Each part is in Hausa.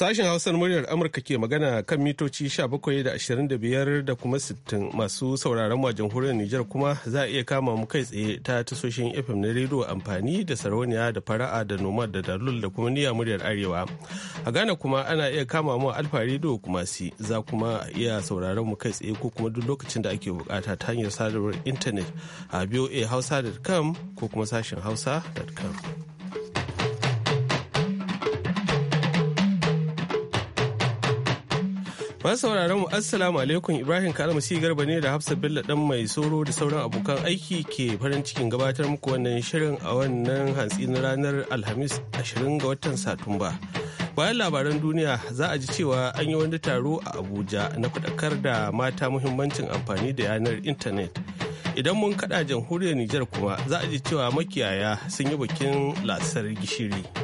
Sashen Hausar muryar Amurka ke magana kan mitoci 17.25 da da kuma 60 masu sauraron a jamhuriyar Nijar kuma za a iya kama mu kai tsaye ta tasoshin FM na rediyo amfani da sarauniya da fara'a da noma da dalul da kuma niya muryar Arewa. A Ghana kuma ana iya kama mu alfa rediyo kuma si za kuma iya sauraron mu kai tsaye ko kuma duk lokacin da ake bukata ta hanyar sadarwar intanet a voahausa.com ko kuma sashen hausa.com. Ba sauraron mu assalamu alaikum Ibrahim si Garba ne da Hafsa Bello dan mai soro da sauran abokan aiki ke farin cikin gabatar muku wannan shirin a wannan hantsi na ranar Alhamis 20 ga watan Satumba. Bayan labaran duniya za a ji cewa an yi wani taro a Abuja na fadakar da mata muhimmancin amfani da yanar intanet. Idan mun kada jamhuriyar Nijar kuma za a ji cewa makiyaya sun yi bikin lasar gishiri.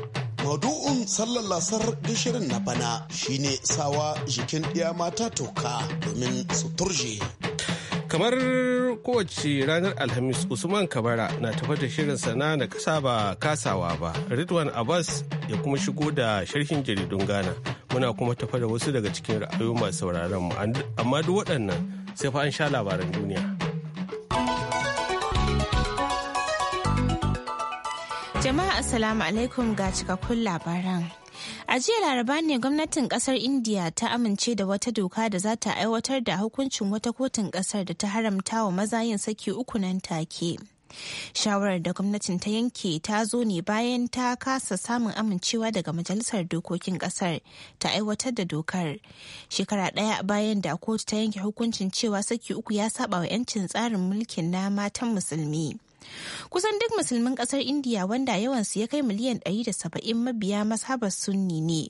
Maudu'un sallar lasar gishirin na bana shine sawa jikin ɗiya mata toka domin su turje. Kamar kowace ranar Alhamis Usman Kabara na tafa da shirin sana na kasa ba kasawa ba. Ridwan Abbas ya kuma shigo da sharhin jaridun Ghana. Muna kuma tafa da wasu daga cikin ra'ayoyi masu sauraron mu. Amma duk waɗannan sai fa an sha labaran duniya. Jama'a Assalamu alaikum ga cikakkun labaran. A jiya laraba ne gwamnatin kasar India ta amince da wata doka da za ta aiwatar da hukuncin wata kotun kasar da ta haramta wa maza yin saki uku nan take. Shawarar da gwamnatin ta yanke ta zo ne bayan ta kasa samun amincewa daga Majalisar Dokokin Kasar ta aiwatar da dokar. Shekara ɗaya bayan da kotu ta yanke hukuncin cewa saki uku ya saba wa 'yancin tsarin mulkin na matan musulmi. Kusan duk musulmin kasar Indiya wanda yawan su ya kai miliyan 170 mabiya mashabar sunni ne,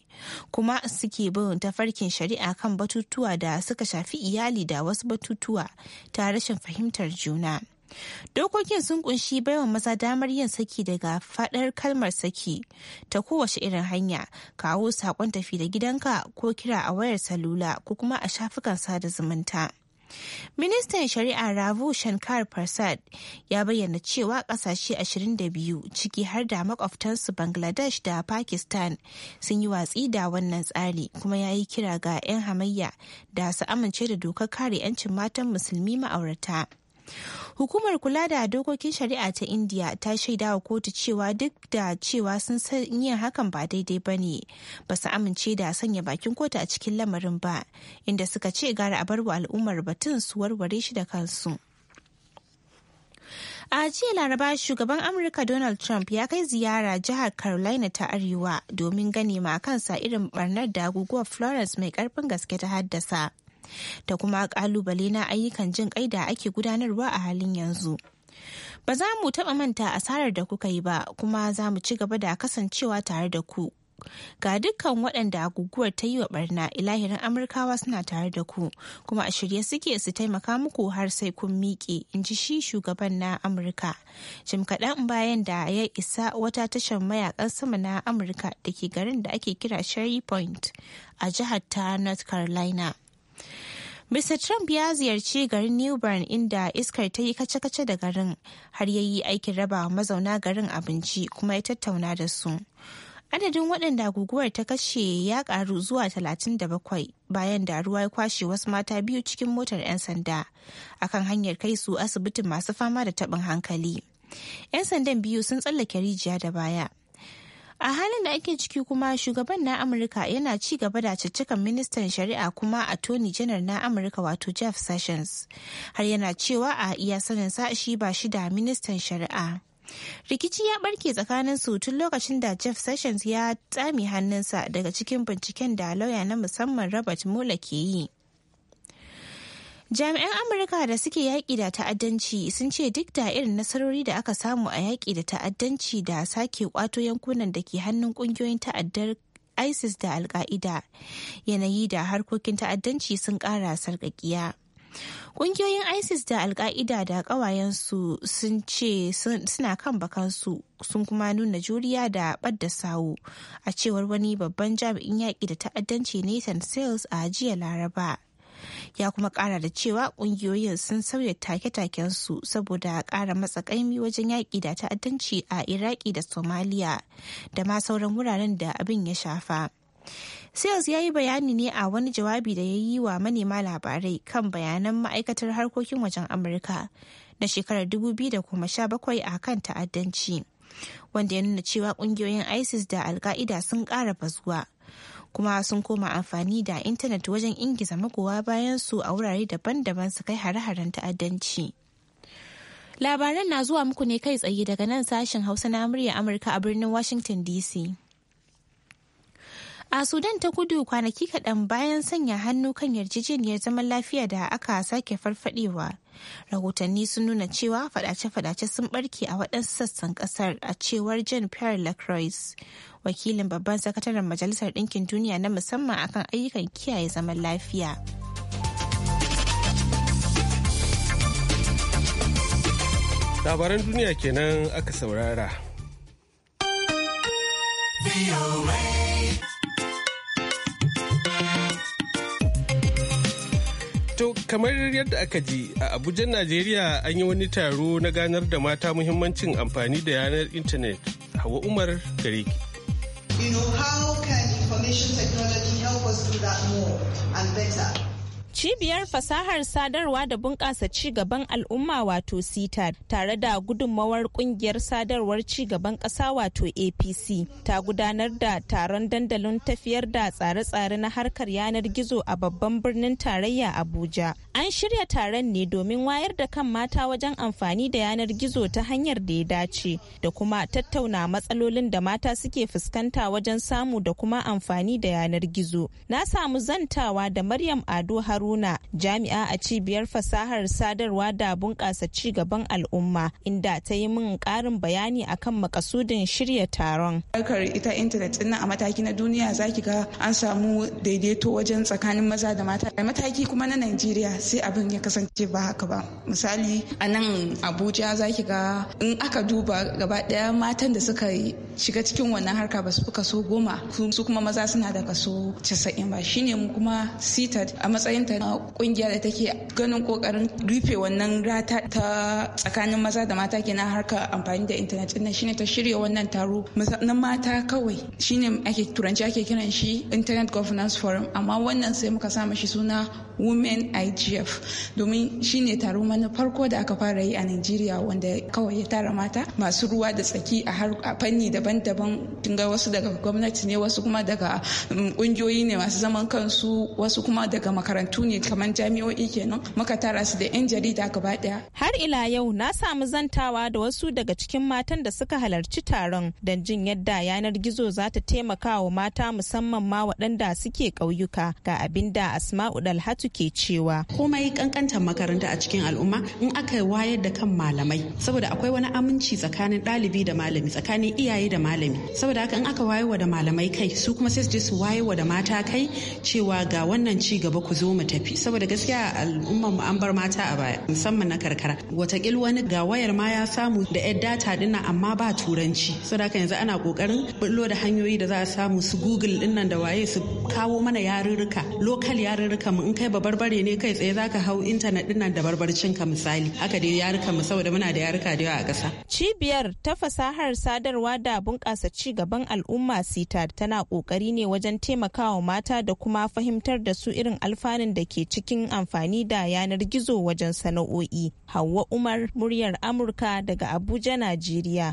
kuma suke bin tafarkin shari'a kan batutuwa da suka shafi iyali da wasu batutuwa ta rashin fahimtar juna. Dokokin sun kunshi baiwa maza damar yin saki daga fadar kalmar saki ta kowace irin hanya, kawo saƙon tafi da gidanka ko kira a wayar salula ko kuma a shafukan sada zumunta. Ministan Shari'a Ravu Shankar Prasad ya bayyana cewa kasashe 22 ciki har da makwabtansu Bangladesh da Pakistan sun yi watsi da wannan tsari kuma ya yi kira ga 'yan hamayya da su amince da dokar kare 'yancin matan musulmi ma'aurata. Hukumar kula da dokokin shari'a ta India ta shaida wa kotu cewa duk da cewa sun san yin hakan ba daidai ba ne, ba su amince da sanya bakin kotu a cikin lamarin ba, inda suka ce gara a bar wa al'ummar batun su warware shi da kansu. A jiya Laraba shugaban Amurka Donald Trump ya kai ziyara jihar Carolina ta Arewa domin gane ma kansa irin barnar da guguwar Florence mai karfin gaske ta haddasa. da kuma kalubale na ayyukan jin kai da ake gudanarwa a halin yanzu. Ba za mu taɓa manta asarar da kuka yi ba kuma za mu ci gaba da kasancewa tare da ku. Ga dukkan waɗanda guguwar ta yi wa barna ilahirin Amurkawa suna tare da ku kuma a shirye suke su taimaka muku har sai kun miƙe in ji shi shugaban na Amurka. Jim kaɗan bayan da ya isa wata tashar mayakan sama na Amurka da ke garin da ake kira Sherry Point a jihar ta North Carolina. Mr. Trump ya ziyarci garin New Bern inda iskar ta yi kace-kace da garin har ya yi aikin raba mazauna garin abinci kuma ya tattauna da su. Adadin waɗanda guguwar ta kashe ya ƙaru zuwa 37 bayan da ruwa ya kwashe wasu mata biyu cikin motar 'yan sanda akan hanyar kai su asibitin masu fama da taɓin hankali. 'Yan sandan biyu sun tsallake rijiya da baya. a halin da ake ciki kuma shugaban na amurka yana ci gaba da cikakken ministan shari'a kuma a toni janar na amurka wato jeff sessions har yana cewa a iya sanin sa shi ba shi da ministan shari'a rikici ya barke tsakanin su tun lokacin da jeff sessions ya tsami hannunsa daga cikin binciken da lauya na musamman robert mueller ke yi Jami'an Amurka da suke yaƙi da ta'addanci sun ce duk da irin nasarori da aka samu a yaƙi da ta'addanci da sake ƙwato yankunan da ke hannun ƙungiyoyin ta'addar ISIS da Alka'ida yanayi da harkokin ta'addanci sun ƙara sarƙaƙiya. Ƙungiyoyin ISIS da Alka'ida da ƙawayensu sun ce suna kan bakansu sun kuma nuna juriya da ɓadda sawu a cewar wani babban jami'in yaƙi da ta'addanci Nathan Sales a jiya Laraba. ya kuma kara da cewa kungiyoyin sun sauya take-takensu saboda kara matsa kaimi wajen yaƙi da ta'addanci a iraki da somaliya da ma sauran wuraren da abin ya shafa sales ya yi bayani ne a wani jawabi da ya yi wa manema labarai kan bayanan ma'aikatar harkokin wajen amurka na shekarar 2017 a kan ta'addanci wanda ya nuna cewa kungiyoyin isis da alka'ida sun kara bazuwa kuma sun koma amfani da intanet wajen ingiza magowa bayan su a wurare daban-daban su kai hare-haren ta'addanci. Labaran na zuwa muku ne kai tsaye daga nan sashen Hausa na murya Amurka a birnin Washington DC. A Sudan ta kudu kwanaki kaɗan bayan sanya hannu kan yarjejeniyar zaman lafiya da aka sake farfadewa. Rahotanni sun nuna cewa fadace-fadace sun barke a waɗansu sassan ƙasar a cewar Jean Pierre Lacroix, wakilin babban sakataren Majalisar Ɗinkin Duniya na musamman akan ayyukan kiyaye zaman lafiya. Labaran duniya kenan aka saurara. To kamar yadda aka ji a Abuja Najeriya an yi wani taro na ganar da mata muhimmancin amfani da yanar intanet Hawa Umar gare ki. You know how can information technology help us do that more and better? Cibiyar fasahar sadarwa da bunƙasa ci gaban al'umma wato Sita tare da gudummawar ƙungiyar sadarwar ci gaban ƙasa wato APC ta gudanar da taron dandalin tafiyar da tsare-tsare na harkar yanar gizo a babban birnin tarayya Abuja. An shirya taron ne domin wayar da kan mata wajen amfani da yanar gizo ta hanyar da ya dace da kuma tattauna matsalolin da mata suke fuskanta wajen samu da kuma amfani da yanar gizo. Na samu zantawa da Maryam Ado Haru haruna jami'a a cibiyar fasahar sadarwa da bunƙasa ci gaban al'umma inda ta yi min ƙarin bayani akan makasudin shirya taron harkar ita intanet din a mataki na duniya zaki ga an samu daidaito wajen tsakanin maza da mata a mataki kuma na najeriya sai abin ya kasance ba haka ba misali a nan abuja zaki ga in aka duba gaba ɗaya matan da suka shiga cikin wannan harka ba su fi kaso goma su kuma maza suna da kaso casa'in ba shine mu kuma sitad a matsayin ta ita kungiya da take ganin kokarin rufe wannan rata ta tsakanin maza da mata ke na harka amfani da intanet din shine ta shirya wannan taro na mata kawai shine ake turanci ake kiran shi internet governance forum amma wannan sai muka sa shi suna women igf domin shine taro mana farko da aka fara yi a nigeria wanda kawai ya tara mata masu ruwa da tsaki a fanni daban-daban tunga wasu daga gwamnati ne wasu kuma daga kungiyoyi mm, ne masu zaman kansu wasu kuma daga makarantu ne kamar jami'o'i kenan muka tara su da 'yan jarida gaba daya. Har ila yau na samu zantawa da wasu daga cikin matan da suka halarci taron don jin yadda yanar gizo za ta taimaka wa mata musamman ma waɗanda suke ƙauyuka ga abin da Asma'u Dalhatu ke cewa. Komai kankantar makaranta a cikin al'umma in aka wayar da kan malamai saboda akwai wani aminci tsakanin ɗalibi da malami tsakanin iyaye da malami saboda haka in aka wayar da malamai kai su kuma sai su je su wayewa da mata kai cewa ga wannan ci gaba ku zo mu tafi saboda gaskiya al'ummar mu an bar mata a baya musamman na karkara watakil wani ga wayar ma ya samu da yar data dinnan amma ba turanci saboda haka yanzu ana kokarin bullo da hanyoyi da za a samu su google dinnan da waye su kawo mana yarurruka lokal yarurruka mu in kai ba barbare ne kai tsaye zaka hau intanet dinnan da barbarcin ka misali haka dai yarukan mu saboda muna da yaruka da yawa a ƙasa cibiyar ta fasahar sadarwa da bunƙasa ci gaban al'umma sita tana kokari ne wajen taimakawa mata da kuma fahimtar da su irin alfanun da ke cikin amfani da yanar gizo wajen sana'o'i. Hauwa Umar, muryar Amurka daga Abuja, Najeriya.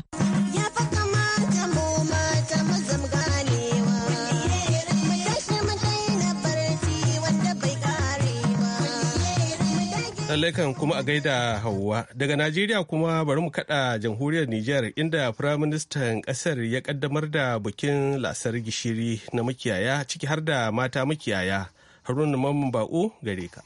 lallai kuma a gaida hauwa daga najeriya kuma bari mu kada jamhuriyar Nijar, inda firaministan kasar ya kaddamar da bikin lasar gishiri na makiyaya ciki har da mata makiyaya haruna mamman bako gare ka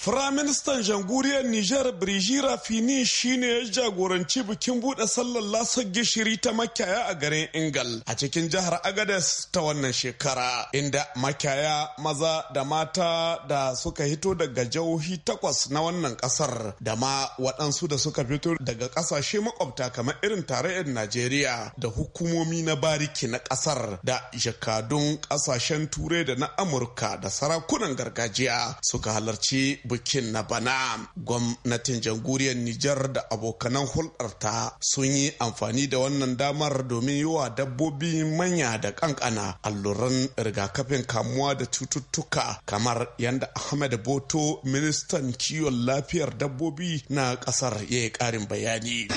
Firaministan jamhuriyar Nijar Birji Rafini shine ya jagoranci bikin buɗe sallar lasar gishiri ta makiyaya a garin Ingal a cikin jihar Agadez ta wannan shekara inda makiyaya maza da mata da suka hito daga jauhi takwas na wannan ƙasar da ma waɗansu da suka fito daga ƙasashe makwabta kamar irin tarayyar Najeriya da hukumomi na bariki na ƙasar da jakadun ƙasashen Turai da na Amurka da sarakunan gargajiya suka halarci bukin na bana gwamnatin jamhuriyar Nijar da abokanan hulɗarta sun yi amfani da wannan damar domin yi wa dabbobi manya da kankana alluran rigakafin kamuwa da cututtuka kamar yadda Ahmed Boto ministan kiwon lafiyar dabbobi na ƙasar ya yi ƙarin bayani.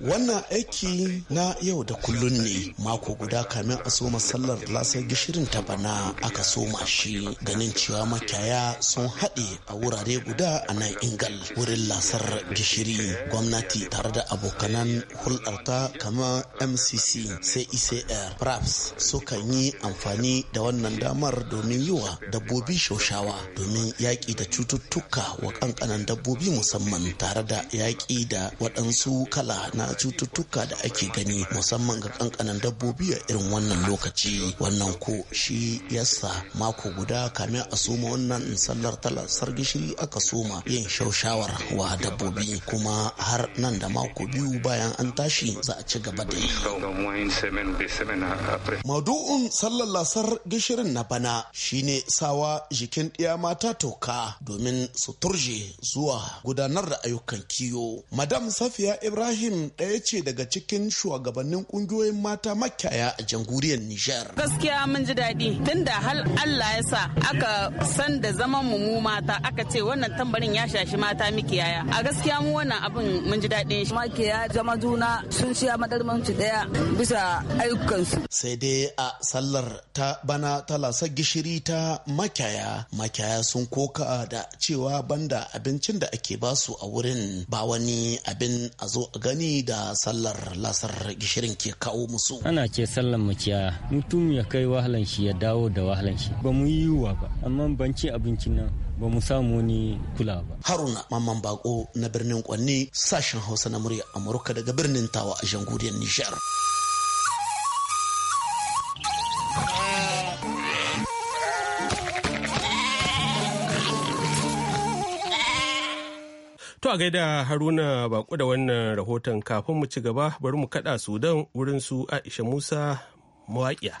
Wannan aiki na yau da kullun ne mako guda kamin a soma sallar lasar gishirin ta bana aka soma shi ganin cewa makiyaya A sun haɗe a wurare guda a nan ingal wurin lasar gishiri gwamnati tare da abokanan hulɗarta kama mcc sai icr raps sukan yi amfani da wannan damar domin yiwa dabbobi shaushawa domin yaƙi da cututtuka wa ƙanƙanan dabbobi musamman tare da yaƙi da waɗansu kala na cututtuka da ake gani musamman ga ƙanƙanan dabbobi a irin wannan lokaci wannan ko shi yasa mako guda kamin a suma wannan yin sallar talasar gishiri aka soma yin shaushawar wa dabbobi kuma har nan da mako biyu bayan an tashi za a ci gaba da yi. Madu'un sallar lasar gishirin na bana shine sawa jikin ɗiya mata toka domin su turje zuwa gudanar da ayyukan kiyo. Madam Safiya Ibrahim ɗaya ce daga cikin shugabannin ƙungiyoyin mata makiyaya a jamhuriyar Nijar. Gaskiya mun ji daɗi tunda hal Allah ya sa aka san da zaman mu mu mata aka ce wannan tambarin ya shashi mata yaya a gaskiya mu wannan abin mun ji daɗin shi makiya zama juna sun ciya madarmanci daya bisa ayyukansu sai dai a sallar ta bana ta lasa gishiri ta makiyaya Makiya sun koka da cewa banda abincin da ake basu a wurin ba wani abin a zo a gani da sallar lasar gishirin ke kawo musu ana ce sallar makiya mutum ya kai wahalan shi ya dawo da wahalan shi ba mu yi wa ba amma ban ce abincin nan ba mu samu ni kula ba. Haruna Mamman Bako na birnin Kwanni sashen Hausa na murya Amurka daga birnin Tawa a Jangudiyar Nijar. To a gaida Haruna Bako da wannan rahoton kafin mu ci gaba bari mu kada Sudan wurin su Aisha Musa mawaƙiya.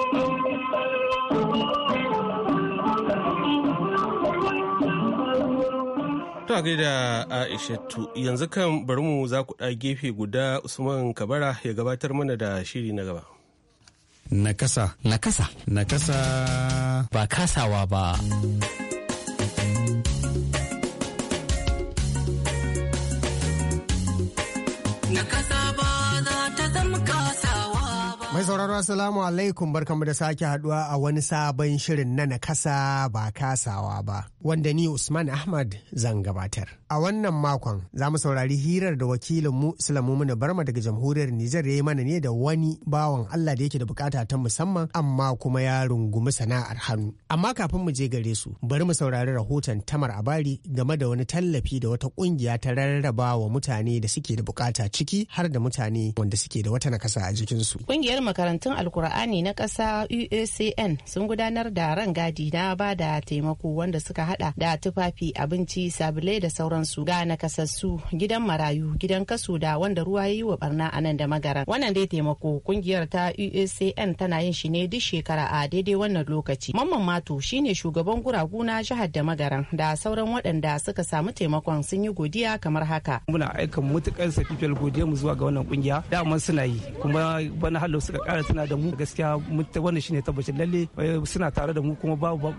a gaida Aishatu yanzu kan bari mu za ku gefe guda Usman Kabara ya gabatar mana da shiri na gaba. Nakasa. Nakasa. Nakasa. Ba kasawa ba. Mai sauraro Assalamu alaikum barkamu da sake haduwa a wani sabon shirin na nakasa ba kasawa ba wanda ni Usman Ahmad zan gabatar. A wannan makon za mu saurari hirar da wakilin mu Sulamu Barma daga jamhuriyar Nijar ya yi mana ne da wani bawan Allah da yake da bukata ta musamman amma kuma ya rungumi sana'ar hannu. Amma kafin mu je gare su bari mu saurari rahoton Tamar Abari game da wani tallafi da wata kungiya ta rarraba wa mutane da suke da bukata ciki har da mutane wanda suke da wata nakasa a jikinsu. makarantun alkur'ani na ƙasa uacn sun gudanar da ran gadi na ba da taimako wanda suka hada da tufafi abinci sabulai da sauransu ga nakasassu gidan marayu gidan kasu da wanda ruwa ya yi wa barna a nan da magaran wannan dai taimako kungiyar ta uacn tana yin shi ne duk shekara a daidai wannan lokaci mamman mato shine shugaban guragu na jihar da magaran da sauran waɗanda suka samu taimakon sun yi godiya kamar haka muna aika mutukar sakifiyar godiya mu zuwa ga wannan kungiya dama suna yi kuma bana halin suka kara tana da mu gaskiya wannan shine tabbacin lalle eh, suna tare da mu kuma babu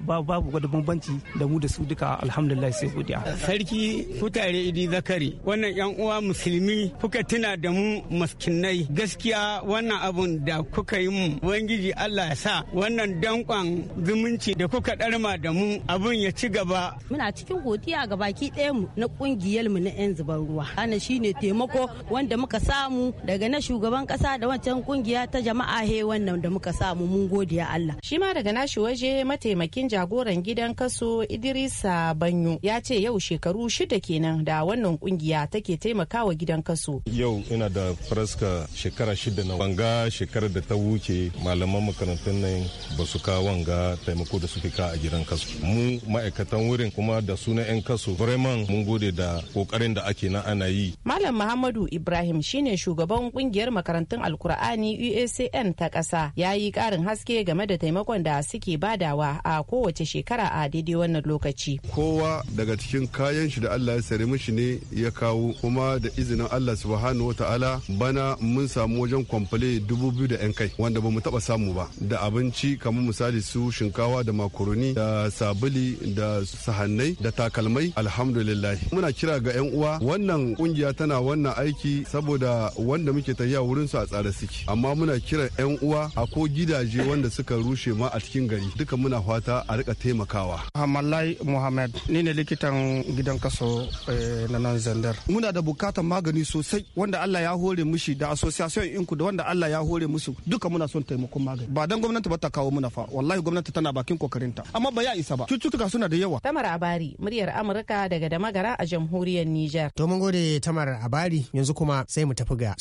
wani bambanci da mu da su duka alhamdulillah sai godiya sarki kutare idi zakari wannan yan uwa musulmi kuka tuna da mu maskinai gaskiya wannan abun da kuka yi mu ubangiji Allah ya sa wannan dankon zumunci da kuka darma da mu abun ya ci gaba muna cikin godiya ga baki ɗaya mu na kungiyar mu na yan zubar ruwa ana shine taimako wanda muka samu daga na shugaban kasa da wancan kungiya ta jama'a he wannan da muka samu mun godiya Allah. Shi ma daga nashi waje mataimakin jagoran gidan kaso Idrisa Banyo ya ce yau shekaru shida kenan da wannan kungiya take taimakawa gidan kaso. Yau ina da faraska shekara shida na wanga shekarar da ta wuce malaman makarantun nan ba su ka wanga taimako da suke ka a gidan kaso. Mu ma'aikatan wurin kuma da sunan 'yan kaso vraiment mun gode da kokarin da ake na ana yi. Malam Muhammadu Ibrahim shine shugaban kungiyar makarantun Alkur'ani UAC ICN ta ƙasa ya yi ƙarin haske game da taimakon da suke badawa a kowace shekara a daidai wannan lokaci. Kowa daga cikin kayan shi da Allah ya sare mishi ne ya kawo kuma da izinin Allah subhanahu wa ta'ala bana mun samu wajen kwamfale dubu biyu da 'yan kai wanda ba mu taɓa samu ba da abinci kamar misali su shinkawa da makaroni da sabuli da sahannai da takalmai alhamdulillah muna kira ga 'yan uwa wannan ƙungiya tana wannan aiki saboda wanda muke tafiya wurin su a tsare suke amma muna kiran 'yan uwa a ko gidaje wanda suka rushe ma a cikin gari duka muna fata a rika taimakawa. Hamalai Muhammad ni ne likitan gidan kaso eh, na nan zandar. Muna da bukatar magani sosai wanda Allah ya hore mushi da association inku da wanda Allah ya hore musu duka muna son taimakon magani. Ba dan gwamnati ba ta kawo muna fa wallahi gwamnati tana bakin kokarinta amma ba ya isa ba cututtuka suna da yawa. Tamar Abari muryar Amurka daga Damagara a jamhuriyar Nijar. To mun gode Tamar Abari yanzu kuma sai mu tafi ga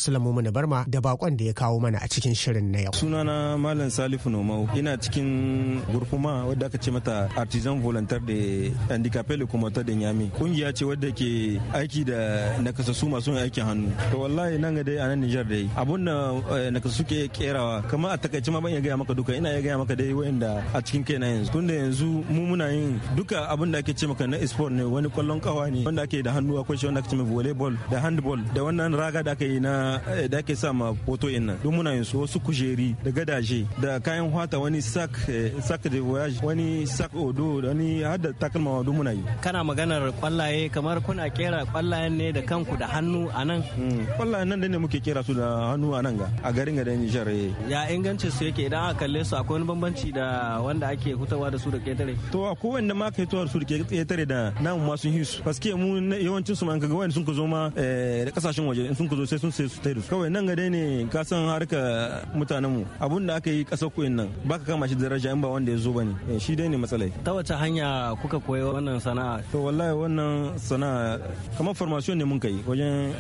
na Barma da bakon da ya kawo mana a cikin cikin shirin na yau. Sunana Malam Salifu Nomau ina cikin gurfuma wadda aka ce mata Artisan Volunteer da Handicapé Locomoteur da Nyami. Kungiya ce wadda ke aiki da nakasassu masu aikin hannu. To wallahi nan ga dai a nan Nijar dai abun da eh, nakasassu ke kerawa kamar a takaice ma ban iya gaya maka duka ina iya gaya maka dai wayanda a cikin na yanzu. Tunda yanzu mu muna yin duka abun da ake ce maka na sport ne wani kwallon kawa ne wanda ake da hannu akwai shi wanda ake ce volleyball da handball da wannan raga da ake yi na eh, da ake sa ma foto in nan. Duk muna yin su wasu kujeri da gadaje da kayan hwata wani sak eh, sak de voyage wani sak odo wani hada takalma wadu muna yi kana maganar kwallaye kamar kuna kera kwallayen ne da kanku da hannu a nan hmm, kwallayen nan da ne muke kera su da hannu a nan ga a garin ga da Nijar eh. ya inganci su yake idan aka kalle su akwai wani bambanci da wanda ake hutawa da su da ketare to a kowanne ma kai tuwar su da ketare da nan ma sun hisu paske mu yawancin su ma kaga wani sun ka zo ma eh, da kasashen waje sun ka zo sai sun sai su tare kawai nan ga dai ne ka san harka mutanenmu abun da aka yi ƙasar koyin nan baka kama shi daraja in ba wanda ya zo ba ne eh, shi dai ne matsalai ta wace hanya kuka koyi wannan sana'a to wallahi wannan sana'a kamar formation ne mun kai wajen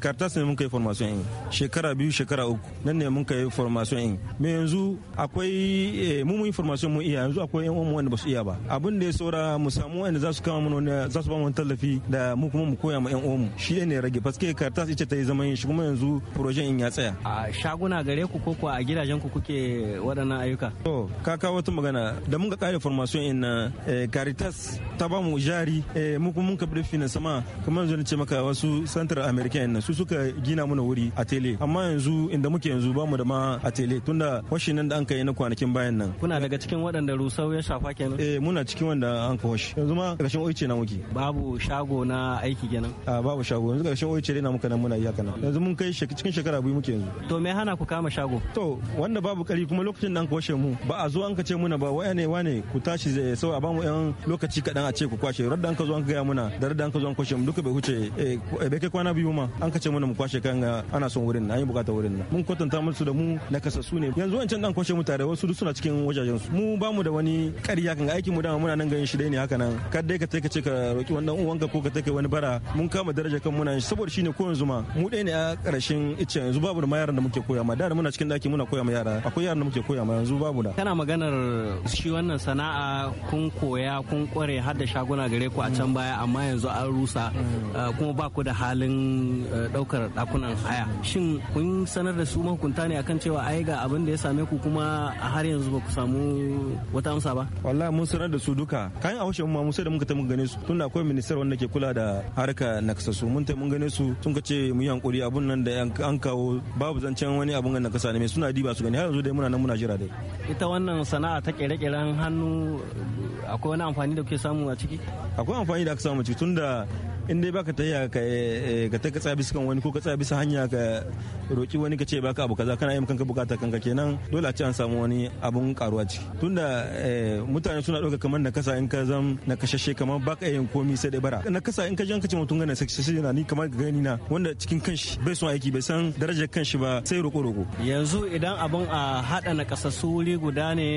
kartas eh, ne mun kai formation in shekara biyu shekara uku nan ne mun kai formation in me yanzu akwai eh, mu mun formation mu iya yanzu akwai yan uwan wanda ba su iya ba abun da ya saura mu samu wanda za su kama mu ne za su ba mu tallafi da mu kuma mu koya ma yan uwan mu shi ne rage paske kartas ita ta yi zaman shi kuma yanzu projen in ya tsaya a shaguna gare ku kuwa a gidajen ku kuke waɗannan ayyuka to ka kawo wata magana da mun ga ƙare formation in na eh, caritas ta ba mu jari eh, mu kuma mun ka bi fina sama kamar yanzu ce maka wasu Central american nan su suka gina mana wuri a tele amma yanzu inda muke yanzu ba mu da ma a tele tunda washi nan da an kai na kwanakin bayan nan kuna daga cikin waɗanda rusau ya shafa kenan eh muna cikin wanda an ka washi yanzu ma ƙarshen oice na muke babu shago na aiki kenan a ah, babu shago yanzu ƙarshen oice na muka nan muna iyaka nan yanzu mun kai cikin shekara biyu muke yanzu to me hana ku kama shago to wanda babu kari kuma lokacin da an kwashe mu ba a zo an ka ce muna ba waya ne wane ku tashi zai eh, sau a bamu yan lokaci kaɗan a ce ku kwashe da an ka zo an gaya muna da da an ka zo an kwashe mu duka bai huce eh, bai kai kwana biyu ma an ka ce muna mu kwashe kan ana son wurin na an yi bukatar wurin na mun kwatanta musu da mu na kasa su ne yanzu an wancan dan kwashe mu tare wasu duk suna cikin wajajen su mu ba mu da wani kari ya kanga aikin mu dama muna nan ganin shi dai ne haka nan kar dai ka ce ka ce ka roki wannan uwanka ko ka take wani bara mun kama daraja kan muna saboda shi ne ko yanzu ma mu dai ne a ƙarshen icce yanzu babu da mayar da muke koya ma da muna muna cikin daki muna koya ma yara akwai yaran da muke koya ma yanzu babu da kana maganar shi wannan sana'a kun koya kun kware har da shaguna gare ku a mm. can baya amma yanzu an rusa mm. eh, kuma ba ku da halin daukar eh, dakunan haya shin kun sanar da su mahukunta ne akan cewa ai ga abin da ya same ku kuma a har yanzu ba ku samu wata amsa ba wallahi mun sanar da su duka kayan a haushe mu sai da muka ta mun gane su tun da akwai minister wanda ke kula da harka su mun ta mun gane su sun ka ce mu yi hankuri abun nan da an kawo babu zancen wani abun nan sani mai suna diba su gani har yanzu dai muna nan muna jira dai ita wannan sana'a ta kere-keren hannu akwai wani amfani da kuke samu a ciki akwai amfani da aka samu ciki tunda in dai baka tahiya ka eh, eh, ka ta katsa bisa kan wani ko katsa bisa hanya ka roki wani ka ce baka abu kaza kana yin kanka bukata kanka kenan dole a ce an samu wani abun karuwa ciki tunda eh, mutane suna ɗauka kamar na kasa in ka zam na kashashe kamar baka yin komi sai dai bara na kasa in ka jan ka ce mutum gana sai na ni kamar gani na wanda cikin kanshi bai son aiki bai san darajar kanshi ba sai roko roko yanzu idan abun a hada na su wuri guda ne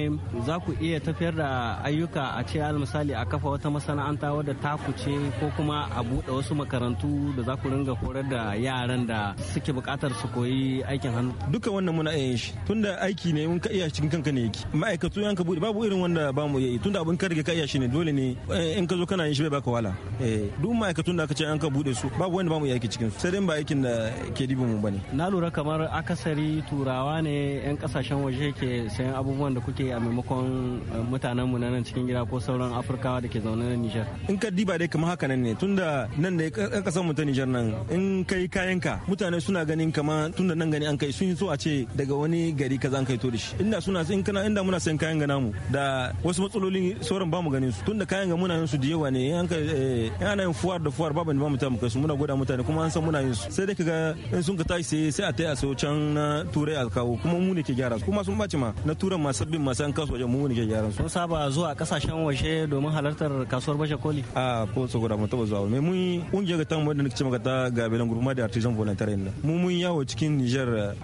za ku iya tafiyar da ayyuka a ce al misali a kafa wata masana'anta wadda ta ce ko kuma abu buɗe wasu makarantu da za ku ringa horar da yaran da suke buƙatar su koyi aikin hannu duka wannan muna yin shi tunda aiki ne mun ka iya cikin kanka ne yake ma'aikatu yan ka buɗe babu irin wanda ba mu iya yi tunda abin ka riga ka iya shi ne dole ne eh, in ka zo kana yin shi bai baka wala eh, duk ma'aikatun da aka ce an ka buɗe su babu wanda ba mu yi aiki cikin su sai dai ba aikin da ke dibin mu bane na lura kamar akasari turawa ne yan kasashen waje ke sayan abubuwan da kuke a maimakon eh, mutanen mu na nan cikin gida ko sauran afirkawa da ke zaune na nijar in ka diba dai kamar haka nan ne tunda nan da ya kasa mu ta Nijar nan in kai kayan ka mutane suna ganin kama tun da nan gani an kai sun so a ce daga wani gari kaza an kai to da shi inda suna in kana inda muna sayan kayan ga namu da wasu matsaloli sauran bamu ganin su tun da kayan ga muna yin su da yawa ne in an kai eh, in ana yin fuwar da fuwar babu ba mu ta mu kai su muna goda mutane kuma an san muna yin su sai dai kaga in sun ka tashi sai sai a tai a so can na turai a kawo kuma mu ne ke gyara kuma sun bace ma na turan ma sabbin masu an kasu wajen mu ne ke gyara su. Sun saba zuwa kasashen waje domin halartar kasuwar bashe koli. A ko su guda mu zuwa. Me mun kungiyar ta mu da nake cewa ta gabelan gurma da artisan volunteer ne mu mun yawo cikin Niger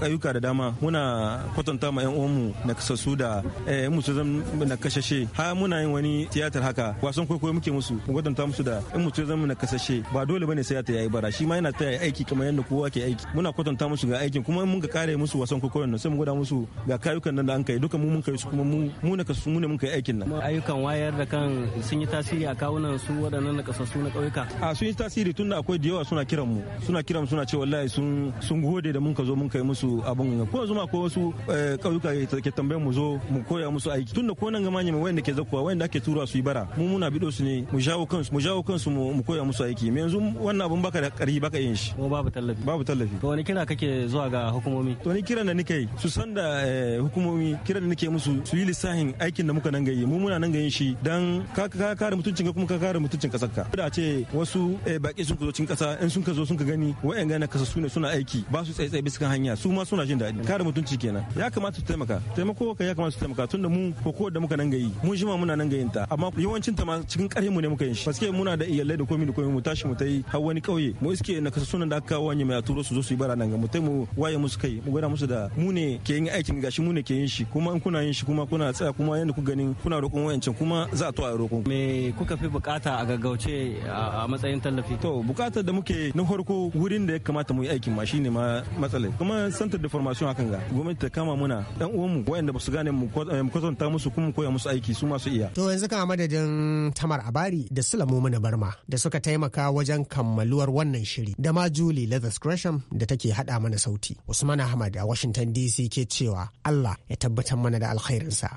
kayuka eh, da dama muna kwatanta ma yan uwanmu na kasasu da eh, mu su zan na kashashe ha muna yin wani tiyatar haka wasan kwaikwayo muke musu mu kwatanta musu da in mu su zan na kasashe ba dole bane sai ta yayi bara shi ma yana ta yayi aiki kamar yadda kowa ke aiki muna kwatanta musu ga aikin kuma mun ga kare musu wasan kwaikwayon nan sai mu gwada musu ga kayukan nan da an kai duka mu mun kai su kuma mu na kasu mu ne mun kai aikin nan ayyukan wayar da kan sun yi tasiri a kawunan su waɗannan na kasasu na ƙauyuka a sun yi tasiri tunda akwai da yawa suna kiran mu suna kiran suna ce wallahi sun sun gode da mun ka zo mun kai musu abun ko yanzu ma ko wasu eh, ƙauyuka ke tambayar mu zo mu koya musu aiki tunda ko nan ga manyan da ke zakuwa da ake tura su yi bara mu muna bido su ne mu jawo kansu mu jawo kansu mu koya musu aiki me yanzu wannan abun baka da ƙarfi baka yin shi ko babu tallafi babu tallafi to wani kira kake zuwa ga hukumomi to ni kiran da nake su san da eh, hukumomi kiran da nake musu su yi lissahin aikin da muka nan yi. mu muna nan yin shi dan ka kare mutuncin ka kuma ka kare mutuncin kasar ka da ce wasu eh, baƙi sun zo cikin kasa in sun ka zo sun ka gani wa'yan gana kasa su ne suna aiki ba su tsaye bisa kan hanya su ma suna jin daɗi kare mutunci kenan ya kamata su taimaka taimako ka ya kamata su taimaka tunda mu ko da muka nan gayi mun shi ma muna nan gayin ta amma yawancin ta ma cikin ƙarfin mu ne muka yin shi paske muna da iyalai da komai da komai mu tashi mu tai har wani ƙauye mu iske na kasa sunan da aka kawo wani mai turo su zo su yi bara nan ga mu tai mu waye musu kai mu gwada musu da mu ne ke yin aikin gashi mu ne ke yin shi kuma in kuna yin shi kuma kuna tsaya kuma yanda ku ganin kuna roƙon wayancin kuma za a to a roƙon me kuka fi bukata a gaggauce a a matsayin tallafi to bukatar da muke na farko wurin da ya kamata mu yi aikin ma shine ma matsala kuma center de formation hakan ga gwamnati ta kama muna dan uwanmu waɗanda ba su gane mu kwatanta eh, musu kuma koya musu aiki su masu iya to yanzu kan madadin tamar abari da sulamu mana barma da suka taimaka wajen kammaluwar wannan shiri da ma julie Leather scrum da take hada mana sauti usman ahmad a washington dc ke cewa allah ya tabbatar mana da alkhairinsa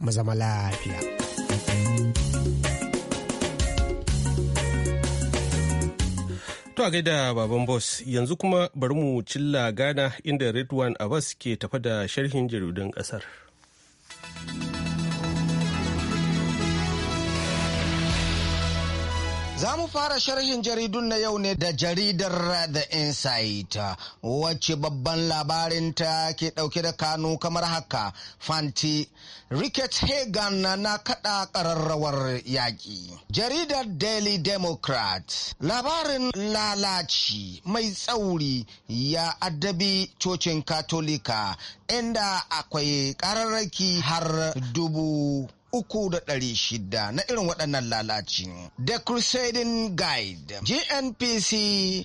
mu zama lafiya. To a gaida baban Bos yanzu kuma bari mu cilla gana inda Redwan Abbas ke tafa da sharhin jaridun kasar. Za mu fara sharhin jaridun na yau ne da jaridar The Insight, wacce babban labarinta ke ɗauke da kanu kamar haka, Fanti Ricket Hagan na kaɗa ƙararrawar yaƙi. Jaridar Daily Democrat, labarin lalaci mai tsauri ya addabi cocin Katolika, inda akwai ƙararraki har dubu uku da ɗari shida na irin waɗannan lalaci. The Crusading Guide GNPC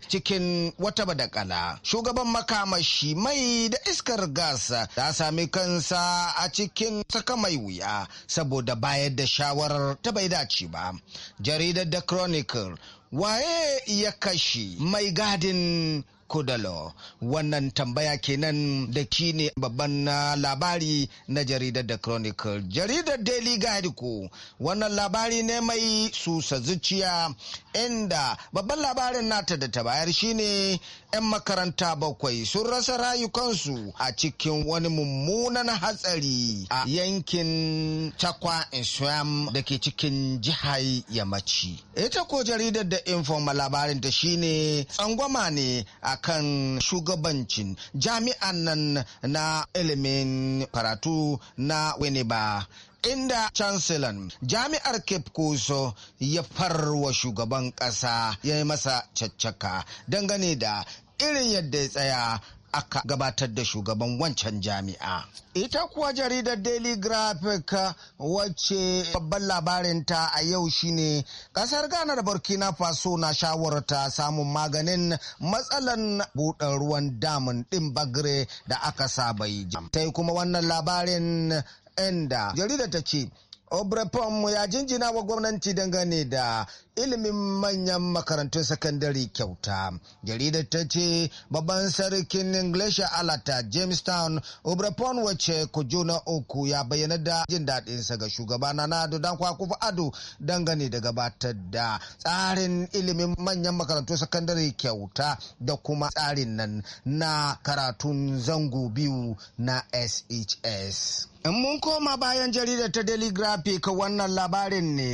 cikin wata badakala shugaban makamashi mai da iskar gas ta sami kansa a cikin saka mai wuya saboda bayar da shawarar ta bai dace ba. Jaridar The Chronicle waye ya kashe mai gadin Kudalo. Wannan tambaya kenan da ki ne babban labari na jaridar da Chronicle. Jaridar Daily Guide ko wannan labari ne mai susa zuciya inda babban labarin nata da ta shine 'yan makaranta bakwai sun rasa rayukansu a cikin wani mummunan hatsari a yankin takwa Inswam da ke cikin jihar Yamaci. Ita ko jaridar da informa labarin ta shine tsangwama ne akan shugabancin jami'an nan na ilimin karatu na Winneba. inda chancellor jami'ar cape kuso ya farwa shugaban kasa ya yi masa caccaka dangane da irin yadda ya tsaya aka gabatar da shugaban wancan jami'a. Ita kuwa jaridar Daily Graphic wacce babban labarinta a yau shine kasar Ghana da Burkina Faso na shawarta samun maganin matsalan buɗe ruwan damun ɗin bagre da aka saba yi. Ta kuma wannan labarin inda Jaridar ta ce Obrepom ya jinjina wa gwamnati dangane da ilimin manyan makarantun sakandare kyauta jaridar ta ce babban sarkin inglisha alata jamestown obrapon wace kujo na uku ya bayyana da jin daɗinsa ga shugaba na nado dan kwakufa ado dangane da gabatar da tsarin ilimin manyan makarantun sakandare kyauta da kuma tsarin nan na karatun zango biyu na shs In mun koma bayan jaridar ta Daily Graphic wannan labarin ne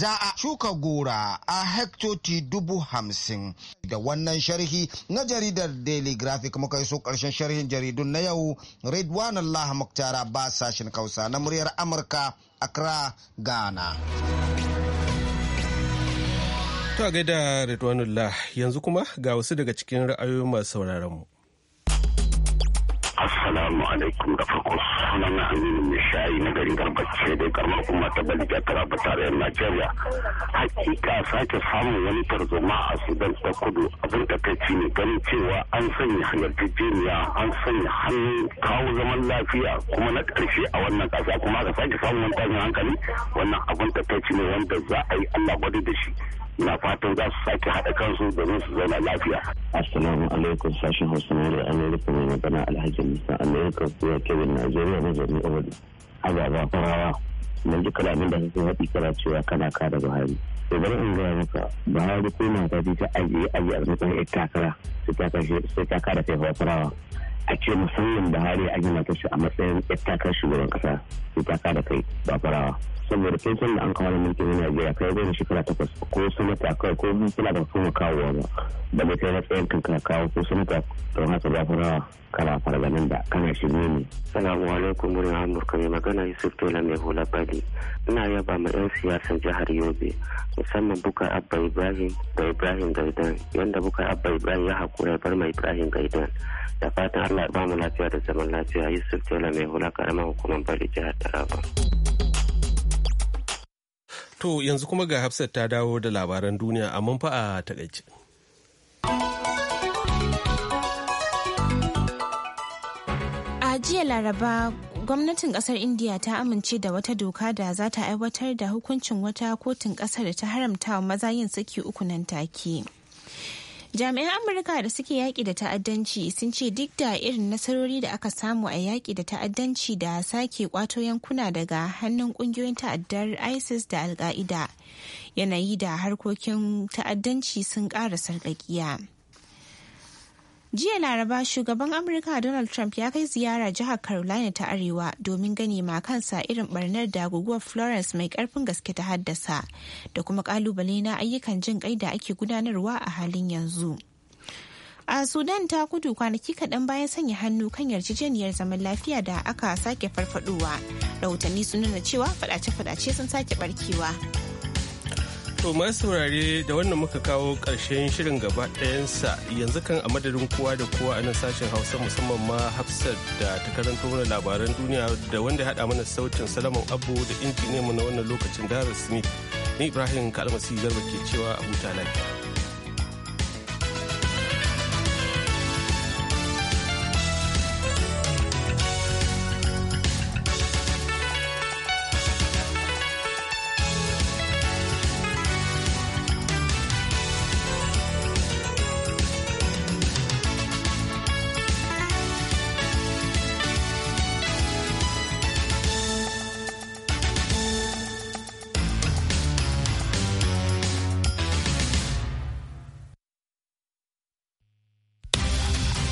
za a shuka gora a hektoti dubu hamsin da wannan sharhi na jaridar daily graphic muka yi so karshen sharhin jaridun na yau redwan allah muktara ba sashen kausa na muryar amurka accra ghana to gaida allah yanzu kuma ga wasu daga cikin ra'ayoyin masu sauraron mu Assalamu alaikum da farko sunana Aminu mai shayi na garin Garbace da karmar kuma ta Balija Taraba tarayyar Najeriya. Hakika sake samun wani tarzoma a Sudan ta kudu abin takaici ne ganin cewa an sanya yarjejeniya an sanya hannun kawo zaman lafiya kuma na ƙarshe a wannan kasa kuma aka sake samun wani tashin hankali wannan abin takaici ne wanda za a yi Allah gwada da shi. ina fatan za su sake haɗa kansu domin su zauna lafiya. Assalamu alaikum sashen Hausa na da Amerika mai magana Alhaji Musa Amerika kuwa Kebin Najeriya na Jami Abadi. Agaba farawa na ji kalamin da kake haɗi kara cewa kana kada Buhari. To bari in gaya maka Buhari ko mata ta ajiye ajiye a matsayin ita takara sai ta kara kai farawa. a ce musamman buhari a gina kashi a matsayin takar shugaban kasa su taka da kai ba farawa saboda tun sun da an kawo mulkin na najeriya kai zai shekara takwas ko mata kawai ko suna da kuma kawowa ba da bai matsayin kankan kawo ko mata don haka ba farawa kana farganin da kana shirme ne. Salamu alaikum murin Amurka mai magana Yusuf Tola mai hula bali. Ina yaba ma 'yan siyasan jihar Yobe musamman Bukar Abba Ibrahim da Ibrahim Gaidan yanda Bukar Abba Ibrahim ya haƙura ya bar mai Ibrahim Gaidan. Da fatan Allah ya ba mu lafiya da zaman lafiya Yusuf Tola mai hula karamar hukumar bali jihar Taraba. To yanzu kuma ga Hafsat ta dawo da labaran duniya amma fa a taƙaice. laraba gwamnatin kasar india ta amince da wata doka da za ta aiwatar da hukuncin wata kotun kasar da ta haramta wa maza yin saki uku nan take jami'an amurka da suke yaƙi da ta'addanci sun ce duk da irin nasarori da aka samu a yaƙi da ta'addanci da sake kwato yankuna daga hannun ƙungiyoyin ta'addar isis da alka'ida yanayi da harkokin ta'addanci sun ƙara sarƙaƙiya Jiya Laraba shugaban Amurka Donald Trump ya kai ziyara jihar Carolina ta Arewa domin gani ma kansa irin barnar da guguwar Florence mai karfin gaske ta haddasa da kuma kalubale na ayyukan jin kai da ake gudanarwa a halin yanzu. a sudan ta kudu kwanaki kaɗan bayan sanya hannu kan yarjejeniyar zaman lafiya da aka sake farfadowa rahotanni sun nuna cewa fadace-fadace sun sake barkewa To ma saurare da wannan muka kawo ƙarshen shirin gaba ɗayansa yanzu kan a madadin kowa da kowa a nan sashen Hausa musamman ma Hafsat da ta karanto mana labaran duniya da wanda ya haɗa mana sautin Salaman Abu da injiniyanmu na wannan lokacin Darus na Ni Ibrahim Kalmasi Garba ke cewa a huta lafiya.